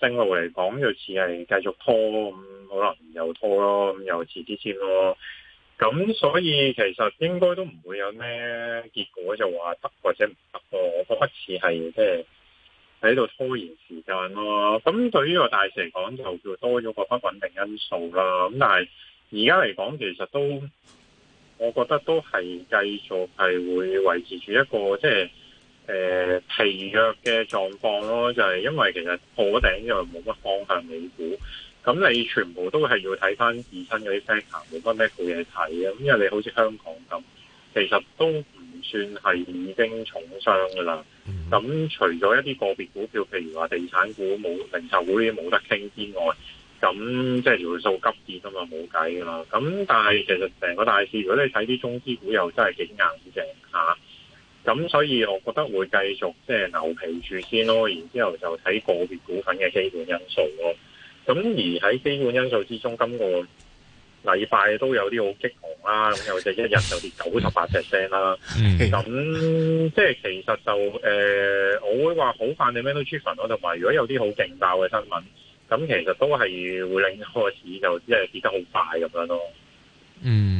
正路嚟講，又似係繼續拖咁，可能又拖咯，咁又遲啲先咯。咁所以其實應該都唔會有咩結果就話得或者唔得咯。我覺得似係即係喺度拖延時間咯。咁對於個大市嚟講，就叫多咗個不穩定因素啦。咁但係而家嚟講，其實都我覺得都係繼續係會維持住一個即係。就是誒疲弱嘅狀況咯，就係、是、因為其實破咗頂又冇乜方向美股，咁你全部都係要睇翻自身嗰啲 factor，冇乜咩嘢嘢睇，咁因為你好似香港咁，其實都唔算係已經重傷噶啦。咁除咗一啲個別股票，譬如話地產股、冇零售股呢啲冇得傾之外，咁即係條數急跌啊嘛，冇計噶啦。咁但係其實成個大市，如果你睇啲中資股，又真係幾硬淨下。咁所以，我覺得會繼續即係牛皮住先咯，然之後就睇個別股份嘅基本因素咯。咁而喺基本因素之中，今個禮拜都有啲好激昂啦、啊，咁有隻一日就跌九十八 percent 啦。咁、啊、 即係其實就誒、呃，我會話好快嘅 manufacture 咯，同埋如果有啲好勁爆嘅新聞，咁其實都係會令個市就即係跌得好快咁樣咯。嗯。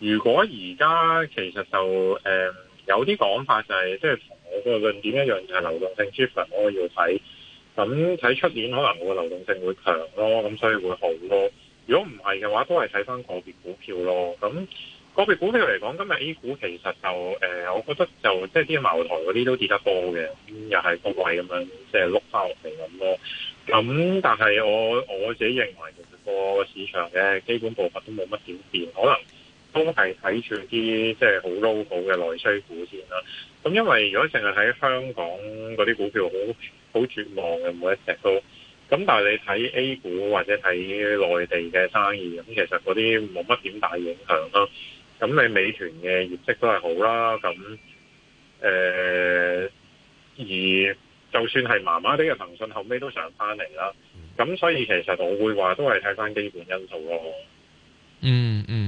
如果而家其實就誒、嗯、有啲講法、就是，就係即係同我個論點一樣，就係、是、流動性缺乏，我要睇咁睇出年可能會流動性會強咯，咁所以會好咯。如果唔係嘅話，都係睇翻個別股票咯。咁、那個別股票嚟講，今日 A 股其實就誒、呃，我覺得就即係啲茅台嗰啲都跌得多嘅、嗯，又係個位咁樣，即係碌翻落嚟咁咯。咁但係我我自己認為，其實個市場嘅基本步伐都冇乜點變，可能。都係睇住啲即係好 local 好嘅內需股先啦。咁因為如果淨係喺香港嗰啲股票很，好好絕望嘅每一隻都。咁但係你睇 A 股或者睇內地嘅生意，咁其實嗰啲冇乜點大影響咯。咁你美團嘅業績都係好啦。咁誒、呃，而就算係麻麻哋嘅騰訊，騰訊後尾都上翻嚟啦。咁所以其實我會話都係睇翻基本因素咯。嗯嗯。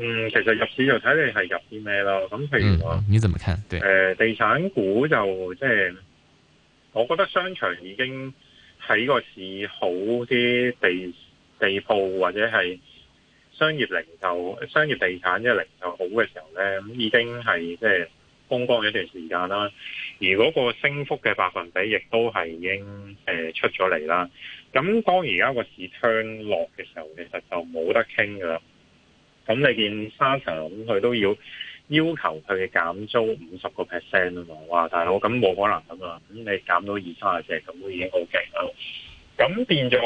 嗯，其實入市就睇你係入啲咩咯。咁譬如你點睇，誒、嗯呃，地產股就即係，我覺得商場已經喺個市好啲地地鋪或者係商業零售、商業地產即係零售好嘅時候咧，已經係即係風光一段時間啦。而嗰個升幅嘅百分比亦都係已經誒、呃、出咗嚟啦。咁當而家個市況落嘅時候，其實就冇得傾噶啦。咁你見沙場佢都要要求佢減租五十個 percent 啊嘛，哇大佬，咁冇可能咁嘛，咁你減到二三十只咁都已經好勁啦。咁變咗誒，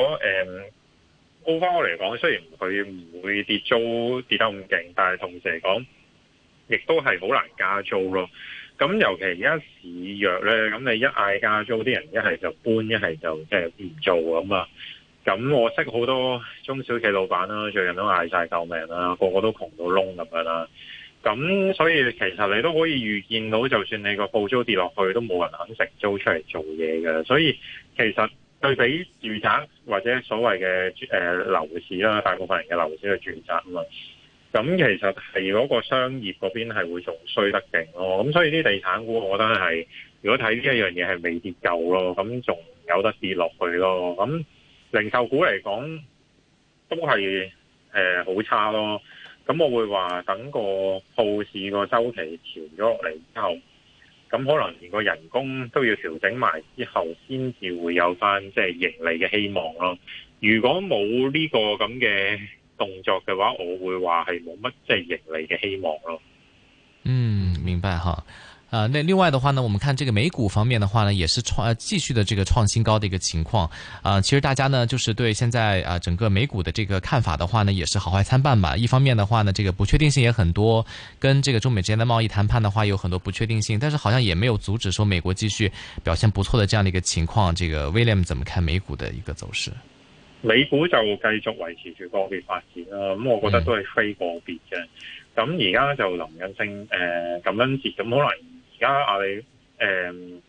澳翻我嚟講，雖然佢唔會跌租跌得咁勁，但係同時嚟講，亦都係好難加租咯。咁尤其而家市弱咧，咁你一嗌加租，啲人一係就搬，一係就即係唔做咁啊。咁我識好多中小企老闆啦、啊，最近都嗌晒救命啦、啊，個個都窮到窿咁樣啦、啊。咁所以其實你都可以預見到，就算你個鋪租跌落去，都冇人肯承租出嚟做嘢嘅。所以其實對比住宅或者所謂嘅誒樓市啦、啊，大部分人嘅樓市係住宅啊嘛。咁其實係嗰個商業嗰邊係會仲衰得勁咯。咁所以啲地產股，我覺得係如果睇呢一樣嘢係未跌夠咯，咁仲有得跌落去咯。咁零售股嚟講，都係誒好差咯。咁我會話等個鋪市個周期調咗落嚟之後，咁可能連個人工都要調整埋之後，先至會有翻即係盈利嘅希望咯。如果冇呢個咁嘅動作嘅話，我會話係冇乜即係盈利嘅希望咯。嗯，明白哈。呃、啊、那另外的話呢，我們看這個美股方面的話呢，也是創、啊、繼續的這個創新高的一個情況。呃、啊、其實大家呢，就是對現在啊整個美股的這個看法的話呢，也是好壞參半吧。一方面的話呢，這個不確定性也很多，跟這個中美之間的貿易談判的話也有很多不確定性，但是好像也沒有阻止說美國繼續表現不錯的這樣的一個情況。這個 William 怎麼看美股的一個走勢？美股就繼續維持住個別發展啦、嗯。我覺得都係非個別嘅。咁而家就臨近誒感恩節，咁可能。而家阿里，誒、嗯、誒、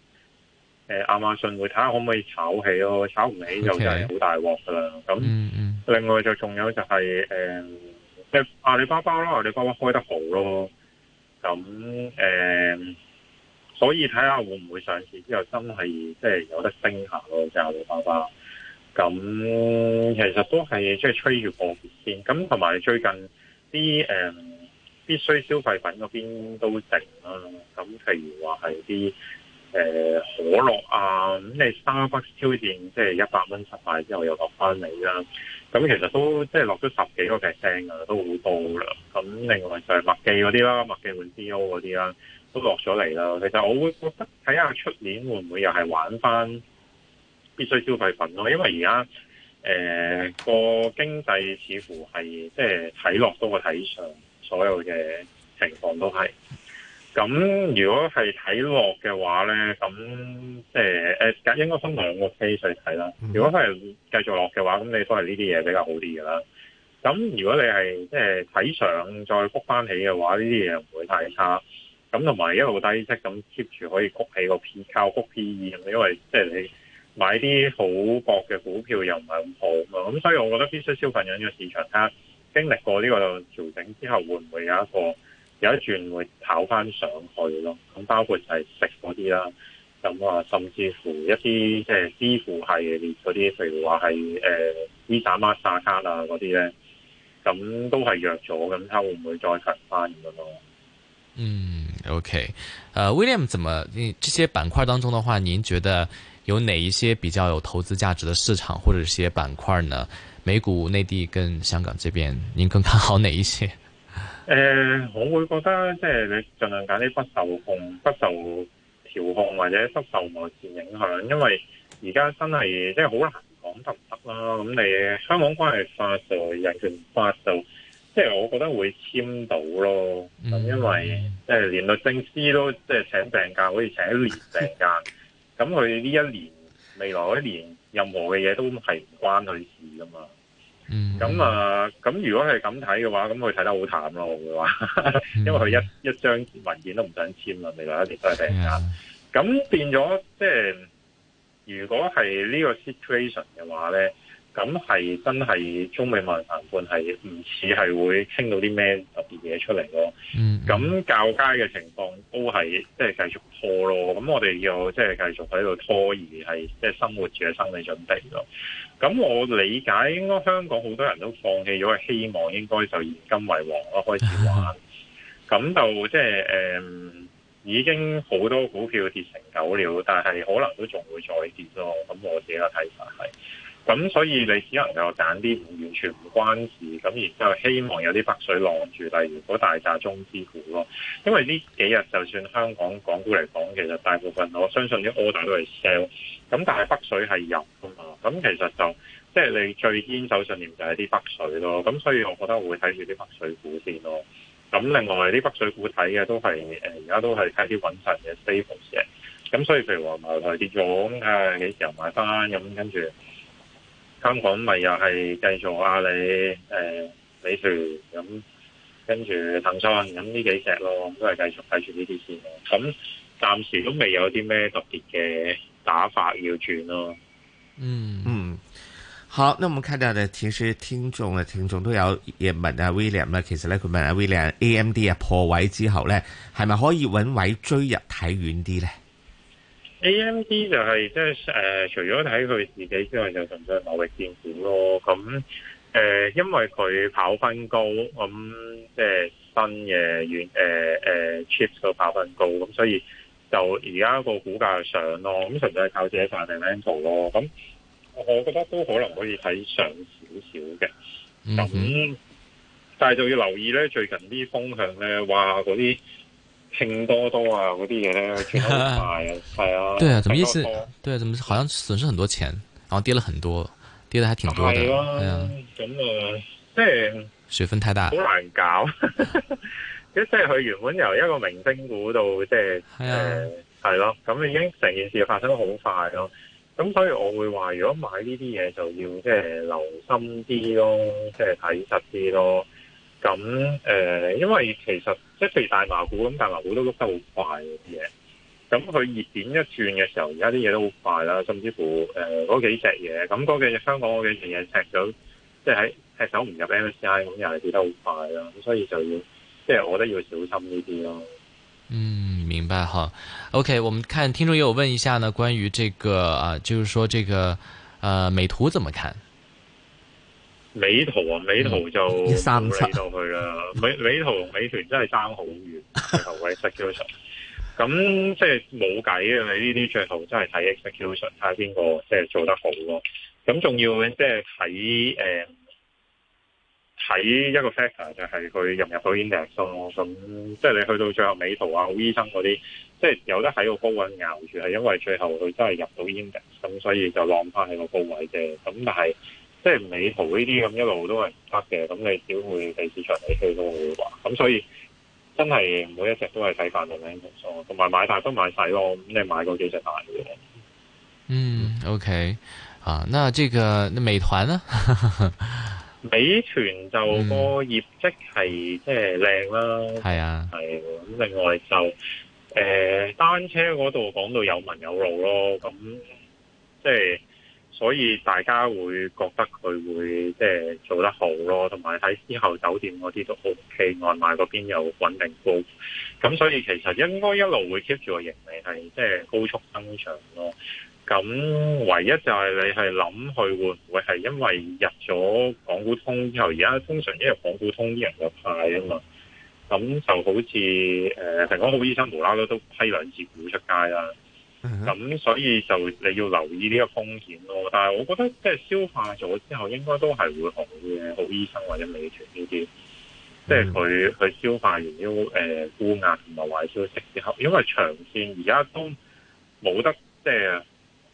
嗯、亞馬遜，會睇下可唔可以炒起咯、哦，炒唔起就真係好大鑊㗎喇。咁、嗯嗯、另外就仲有就係、是、誒，即、嗯、係阿里巴巴咯，阿里巴巴開得好咯。咁誒、嗯，所以睇下會唔會上市之後真係即係有得升下咯，即、就、係、是、阿里巴巴。咁其實都係即係吹住個線咁，同、就、埋、是、最近啲誒。嗯必須消費品嗰邊都定啦，咁譬如話係啲誒可樂啊，咁你 Starbucks 挑戰即係、就是、一百蚊失敗，之後又落翻嚟啦，咁其實都即係落咗十幾個 percent 啊，都好多啦。咁另外就係麥記嗰啲啦，麥記換 D.O. 嗰啲啦，都落咗嚟啦。其實我會覺得睇下出年會唔會又係玩翻必須消費品咯，因為而家誒個經濟似乎係即係睇落都係睇上。所有嘅情況都係咁，如果係睇落嘅話咧，咁即係，應該分兩個 case 去睇啦。如果係繼續落嘅話，咁你都係呢啲嘢比較好啲嘅啦。咁如果你係即係睇上再谷返起嘅話，呢啲嘢唔會太差。咁同埋一路低息，咁 keep 住可以谷起個 P，靠谷 P E，因為即係你買啲好薄嘅股票又唔係咁好嘛。咁所以我覺得必須消費緊嘅市場啦。經歷過呢個調整之後，會唔會有一個有一轉會跑翻上去咯？咁包括就係食嗰啲啦，咁啊甚至乎一啲即係支付系列嗰啲，譬如話係誒 Visa、Mastercard 啊嗰啲咧，咁都係弱咗，咁睇會唔會再上翻嘅咯？嗯，OK，誒，William，怎麼？呢這些板塊當中的話，您覺得有哪一些比較有投資價值的市場或者一些板塊呢？美股、內地跟香港這邊，您更看好哪一些？誒、呃，我會覺得即係你儘量揀啲不受控、不受調控或者不受外線影響，因為而家真係即係好難講得唔得啦。咁你香港關係法就人權法就，即係我覺得會簽到咯。咁、嗯、因為即係連律政司都即係請病假，好似請一年病假，咁佢呢一年未來一年。任何嘅嘢都係唔關佢事噶嘛，咁、mm -hmm. 啊咁如果係咁睇嘅話，咁佢睇得好淡咯，我會話， 因為佢一一張文件都唔想簽啦，未來一直都係平價，咁、yeah. 變咗即係如果係呢個 situation 嘅話咧。咁係真係中美貿易談判係唔似係會傾到啲咩特別嘢出嚟咯。咁較佳嘅情況都係即係繼續拖咯。咁我哋要即係繼續喺度拖而係即係生活住嘅心理準備咯。咁我理解應該香港好多人都放棄咗希望，應該就現金為王咯，開始玩。咁就即係誒，已經好多股票跌成狗了，但係可能都仲會再跌咯。咁我自己嘅睇法係。咁所以你只能夠揀啲唔完全唔關事，咁然之後希望有啲北水浪住，例如嗰大堆中資股咯。因為呢幾日就算香港港股嚟講，其實大部分我相信啲 order 都係 sell。咁但係北水係入㗎嘛？咁其實就即係、就是、你最堅守信念就係啲北水咯。咁所以我覺得我會睇住啲北水股先咯。咁另外啲北水股睇嘅都係而家都係睇啲穩陣嘅 stable 嘅。咁所以譬如話茅台跌咗，咁幾時又買翻？咁跟住。香港咪又係繼續啊、欸？你誒美團咁，跟住騰訊咁呢幾隻咯，都係繼續睇住呢啲先咯。咁、嗯、暫時都未有啲咩特別嘅打法要轉咯。嗯嗯，好。那我們睇下，其實聽眾嘅聽眾都有嘢問啊 William 啊。其實咧佢問啊 William，AMD 啊破位之後咧，係咪可以揾位追入睇遠啲咧？AMD 就係即係誒，除咗睇佢自己之外，就純粹係流利墊股咯。咁、嗯、誒、呃，因為佢跑分高，咁、嗯、即係新嘅軟誒誒 chips 個跑分高，咁、嗯、所以就而家個股價上咯。咁純粹係靠自己範定做咯。咁、嗯、我覺得都可能可以睇上少少嘅。咁、嗯、但係就要留意咧，最近啲風向咧，哇嗰啲。拼多多啊嗰啲嘢咧全部賣啊，係、yeah, 啊，對啊，怎麼意思？多多對、啊，怎麼好像損失很多錢，然後跌了很多，跌得還挺多嘅。係咯，咁啊，即係水分太大，好難搞。即係佢原本由一個明星股度即係誒係咯，咁、就是啊呃、已經成件事發生得好快咯。咁所以我會話，如果買呢啲嘢就要即係留心啲咯，即係睇實啲咯。咁誒、呃，因為其實即係譬如大麻股，咁大麻股都喐得好快嗰啲嘢。咁佢熱點一轉嘅時候，而家啲嘢都好快啦，甚至乎誒、呃、幾隻嘢，咁嗰幾隻香港嗰幾隻嘢踢咗，即係喺踢手唔入 MSCI 咁又係跌得好快啦。咁所以就要，即係我都要小心呢啲咯。嗯，明白吓 OK，我們看聽眾也有問一下呢，關於這個啊、呃，就是說這個呃美圖怎麼看？美圖啊，美圖就飛到去啦！美美圖同美團真係爭好遠，最後位 execution 咁即係冇計啊！你呢啲最後真係睇 execution，睇下邊個即係做得好咯。咁仲要即係睇誒，睇、嗯、一個 factor 就係佢入唔入到 index 咯。咁即係你去到最後美圖啊、好醫生嗰啲，即係有得喺個高位咬住，係因為最後佢真係入到 index，咁所以就晾返喺個高位嘅。咁但係。即係美圖呢啲咁一路都係唔得嘅，咁你只會喺市場裏邊都會話，咁所以真係每一隻都係睇泛泛嘅靚，同埋買大都買細咯，咁你買過幾隻大嘅？嗯，OK，啊，那這個那美團呢？ 美團就個業績係、嗯、即係靚啦，係啊，係。咁另外就誒、呃、單車嗰度講到有文有路咯，咁即係。所以大家會覺得佢會即係做得好咯，同埋喺之後酒店嗰啲都 OK，外賣嗰邊又穩定，高。咁所以其實應該一路會 keep 住個盈利係即係高速增長咯。咁唯一就係你係諗佢會唔會係因為入咗港股通之後，而家通常一通因為港股通啲人就派啊嘛，咁就好似誒平安好醫生無啦啦都批兩隻股出街啦。咁 所以就你要留意呢個風險咯，但係我覺得即係消化咗之後應該都係會好嘅，好醫生或者美團呢啲，即係佢佢消化完啲誒沽壓同埋壞消息之後，因為長線而家都冇得即係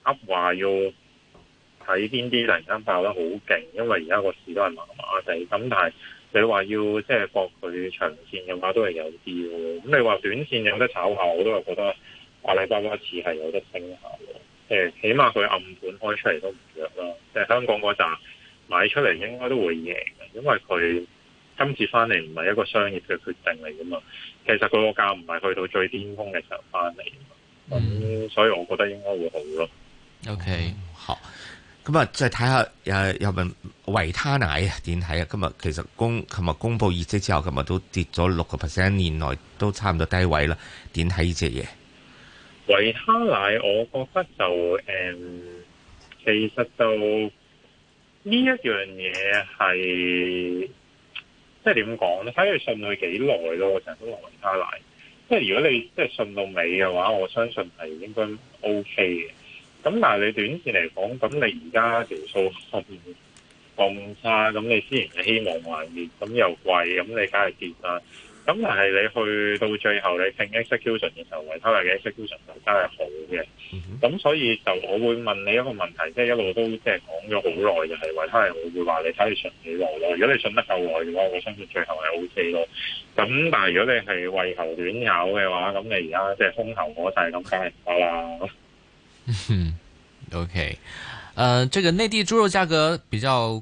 噏話要睇邊啲突然間爆得好勁，因為而家個市都係麻麻地。咁但係你話要即係博佢長線嘅話都，都係有啲嘅。咁你話短線有得炒下，我都係覺得。阿里巴巴似係有得升下咯，誒，起碼佢暗盤開出嚟都唔弱啦。即係香港嗰陣買出嚟，應該都會贏，因為佢今次翻嚟唔係一個商業嘅決定嚟噶嘛。其實佢個價唔係去到最巔峰嘅時候翻嚟，咁、嗯、所以我覺得應該會好咯。O、okay, K，好咁啊，那再睇下誒有份維他奶點睇啊？今日其實公尋日公布業績之後，今日都跌咗六個 percent，年內都差唔多低位啦。點睇呢隻嘢？維他奶，我覺得就誒、嗯，其實就呢一樣嘢係，即係點講咧？睇佢信佢幾耐咯，成日都話維他奶。即係如果你即係信到尾嘅話，我相信係應該 OK 嘅。咁但係你短線嚟講，咁你而家條數咁差，咁你先然係希望還熱，咁又貴，咁你梗係跌啦。咁但係你去到最後，你評 execution 嘅時候，維他奶嘅 execution 就真係好嘅。咁、mm -hmm. 所以就我會問你一個問題，即、就、係、是、一路都即係講咗好耐就係維他奶，我會話你，睇你信幾耐咯。如果你信得夠耐嘅話，我相信最後係 O K 咯。咁但係如果你係為求短有嘅話，咁你而家即係風頭火勢咁，梗係唔得啦。嗯，O K。誒、okay. uh,，這個內地豬肉價格比較。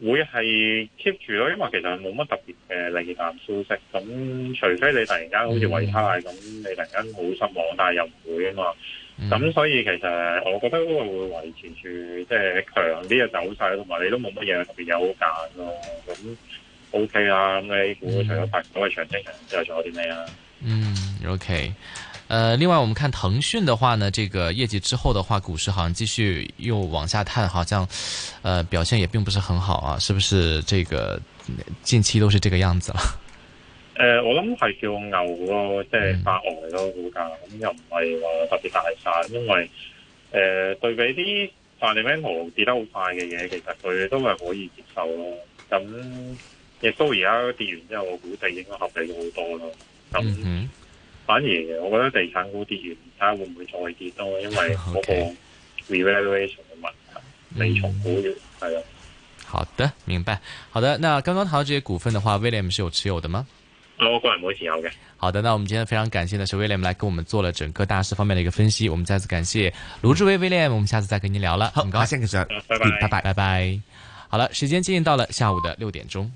會係 keep 住咯，因為其實冇乜特別嘅利淡消息，咁除非你突然間好似維他奶咁，mm -hmm. 你突然間好失望，但係又唔會啊嘛，咁、mm -hmm. 所以其實我覺得都會維持住即係強啲嘅走勢，同埋你都冇乜嘢特別有好揀咯，咁 OK 啦。咁你估除咗八到嘅長青，之、mm、外 -hmm.，仲有啲咩啊？嗯，OK。呃，另外我們看騰訊的話呢，這個業績之後的話，股市好像繼續又往下探，好像，呃表現也並不是很好啊，是不是？這個近期都是這個樣子了，呃我諗係叫牛咯，即、就、係、是、發呆咯、嗯、股價，咁又唔係話特別大晒、嗯、因為呃對比啲范尼文豪跌得好快嘅嘢，其實佢都係可以接受咯。咁亦都而家跌完之後，我估計地應該合理咗好多咯。嗯反而，我覺得地產股跌完，睇下會唔會再跌多，因為嗰個 revaluation 嘅問題、okay 嗯，地產股係啊。好的，明白。好的，那剛剛提到這些股份的話，William 是有持有的嗎？啊、我個人冇持有嘅。好的，那我們今天非常感謝的是 William 來跟我們做了整個大市方面的一個分析，我們再次感謝盧志威 William，我們下次再跟您聊啦。好，唔該晒，拜拜，拜拜，拜拜。好了，時間接近到了下午的六點鐘。